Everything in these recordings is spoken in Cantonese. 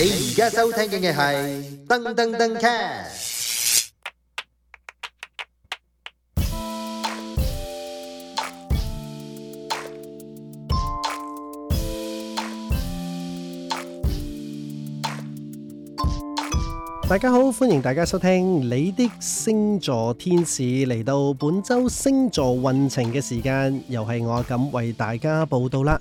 你而家收聽緊嘅係《噔噔噔 cast》。大家好，歡迎大家收聽你的星座天使，嚟到本周星座運程嘅時間，又係我咁為大家報道啦。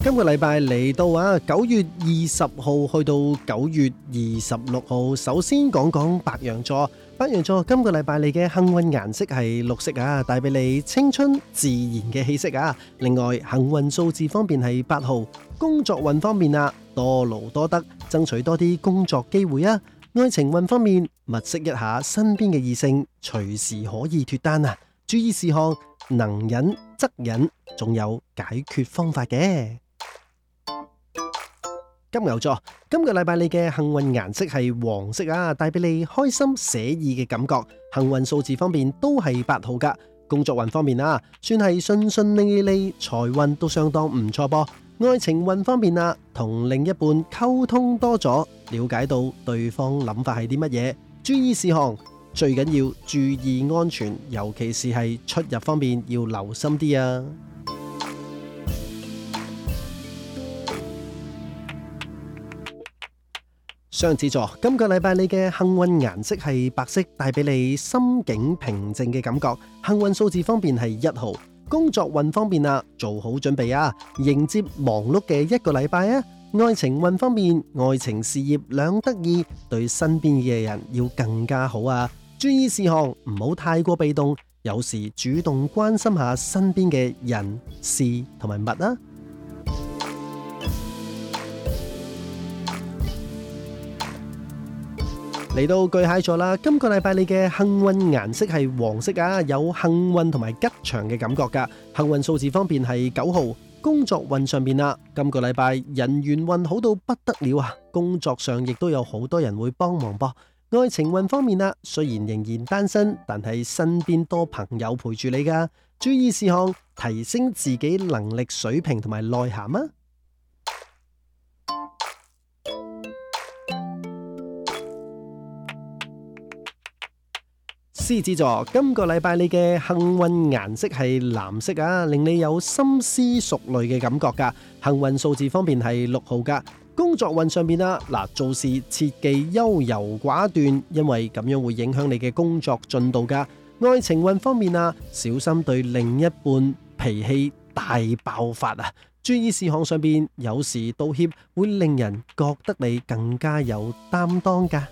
今個禮拜嚟到啊，九月二十號去到九月二十六號。首先講講白羊座，白羊座今個禮拜嚟嘅幸運顏色係綠色啊，帶俾你青春自然嘅氣息啊。另外幸運數字方面係八號，工作運方面啊，多勞多得，爭取多啲工作機會啊。愛情運方面，物色一下身邊嘅異性，隨時可以脫單啊。注意事項，能忍則忍，仲有解決方法嘅。金牛座，今個禮拜你嘅幸運顏色係黃色啊，帶俾你開心寫意嘅感覺。幸運數字方面都係八號㗎。工作運方面啊，算係順順利利，財運都相當唔錯噃。愛情運方面啊，同另一半溝通多咗，了解到對方諗法係啲乜嘢。注意事項，最緊要注意安全，尤其是係出入方面要留心啲啊。雙子座，今個禮拜你嘅幸運顏色係白色，帶俾你心境平靜嘅感覺。幸運數字方面係一號。工作運方面啊，做好準備啊，迎接忙碌嘅一個禮拜啊。愛情運方面，愛情事業兩得意，對身邊嘅人要更加好啊。注意事項，唔好太過被動，有時主動關心下身邊嘅人事同埋物啊。嚟到巨蟹座啦，今個禮拜你嘅幸運顏色係黃色啊，有幸運同埋吉祥嘅感覺噶。幸運數字方面係九號，工作運上邊啦。今個禮拜人緣運好到不得了啊，工作上亦都有好多人會幫忙噃。愛情運方面啦，雖然仍然單身，但係身邊多朋友陪住你噶。注意事項，提升自己能力水平同埋內涵啊！獅子座，今個禮拜你嘅幸運顏色係藍色啊，令你有心思熟慮嘅感覺噶。幸運數字方面係六號噶。工作運上邊啊，嗱做事切忌優柔寡斷，因為咁樣會影響你嘅工作進度噶。愛情運方面啊，小心對另一半脾氣大爆發啊。注意事項上邊，有時道歉會令人覺得你更加有擔當噶。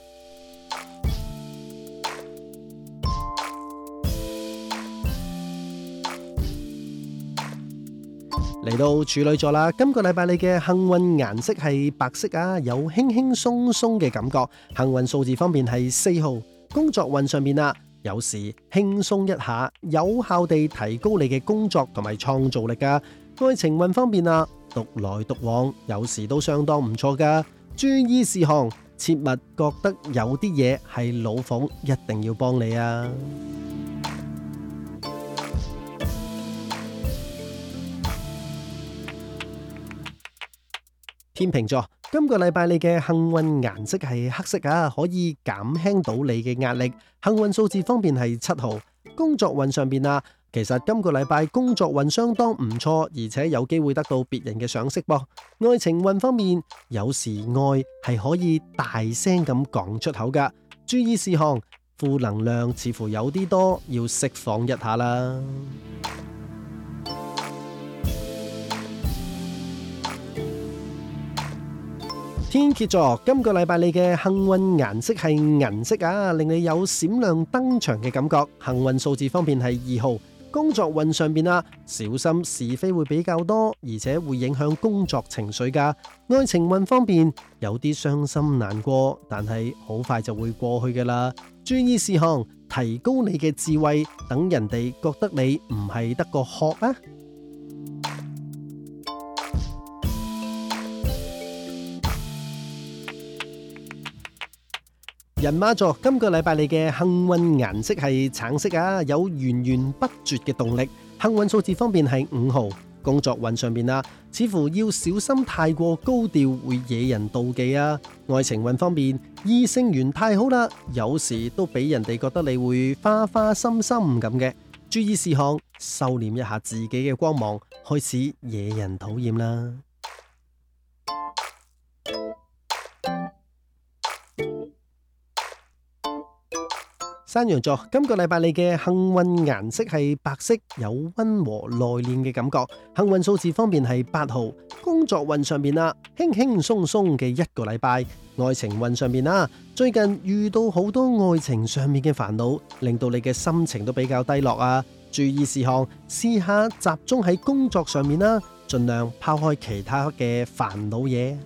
嚟到處女座啦，今個禮拜你嘅幸運顏色係白色啊，有輕輕鬆鬆嘅感覺。幸運數字方面係四號。工作運上面啊，有時輕鬆一下，有效地提高你嘅工作同埋創造力噶。愛情運方面啊，獨來獨往有時都相當唔錯噶。注意事項，切勿覺得有啲嘢係老奉，一定要幫你啊。天秤座，今個禮拜你嘅幸運顏色係黑色啊，可以減輕到你嘅壓力。幸運數字方面係七號。工作運上邊啊，其實今個禮拜工作運相當唔錯，而且有機會得到別人嘅賞識。噃，愛情運方面，有時愛係可以大聲咁講出口㗎。注意事項，負能量似乎有啲多，要釋放一下啦。天蠍座，今個禮拜你嘅幸運顏色係銀色啊，令你有閃亮登場嘅感覺。幸運數字方面係二號，工作運上面啊，小心是非會比較多，而且會影響工作情緒噶。愛情運方面，有啲傷心難過，但係好快就會過去噶啦。注意事項，提高你嘅智慧，等人哋覺得你唔係得個殼啊！人馬座，今個禮拜你嘅幸運顏色係橙色啊，有源源不絕嘅動力。幸運數字方面係五號。工作運上邊啦，似乎要小心太過高調會惹人妒忌啊。愛情運方面，異性緣太好啦，有時都俾人哋覺得你會花花心心咁嘅。注意事項，收斂一下自己嘅光芒，開始惹人討厭啦。山羊座，今個禮拜你嘅幸運顏色係白色，有温和內斂嘅感覺。幸運數字方面係八號。工作運上面啦、啊，輕輕鬆鬆嘅一個禮拜。愛情運上面啦、啊，最近遇到好多愛情上面嘅煩惱，令到你嘅心情都比較低落啊。注意事項，試下集中喺工作上面啦、啊，盡量拋開其他嘅煩惱嘢。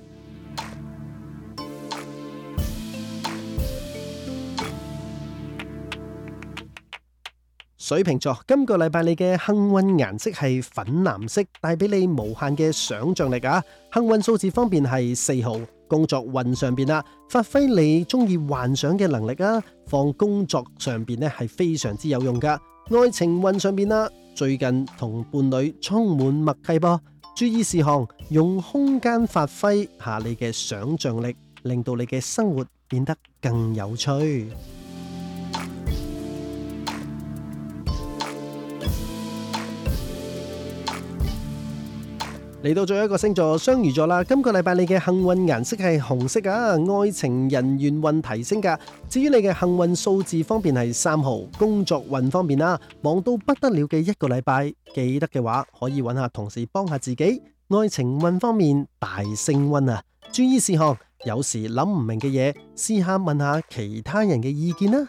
水瓶座，今個禮拜你嘅幸運顏色係粉藍色，帶俾你無限嘅想象力啊！幸運數字方面係四號，工作運上邊啊，發揮你中意幻想嘅能力啊，放工作上邊呢係非常之有用噶。愛情運上邊啦，最近同伴侶充滿默契噃。注意事項，用空間發揮下你嘅想象力，令到你嘅生活變得更有趣。嚟到最後一個星座雙魚座啦，今個禮拜你嘅幸運顏色係紅色啊，愛情人緣運提升噶。至於你嘅幸運數字方面係三號，工作運方面啊，忙到不得了嘅一個禮拜，記得嘅話可以揾下同事幫下自己。愛情運方面大升溫啊，注意事項，有時諗唔明嘅嘢，試下問下其他人嘅意見啦。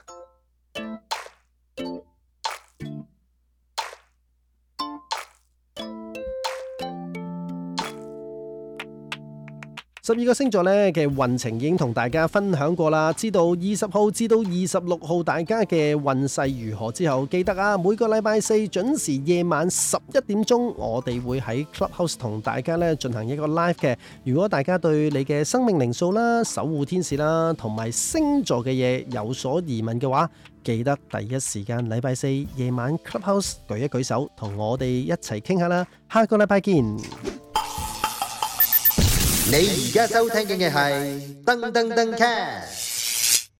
十二個星座咧，其實運程已經同大家分享過啦。知道二十號至到二十六號大家嘅運勢如何之後，記得啊，每個禮拜四準時夜晚十一點鐘，我哋會喺 Clubhouse 同大家咧進行一個 live 嘅。如果大家對你嘅生命靈數啦、守護天使啦，同埋星座嘅嘢有所疑問嘅話，記得第一時間禮拜四夜晚 Clubhouse 舉一舉手，同我哋一齊傾下啦。下個禮拜見。你而家收聽嘅係噔噔噔 cast。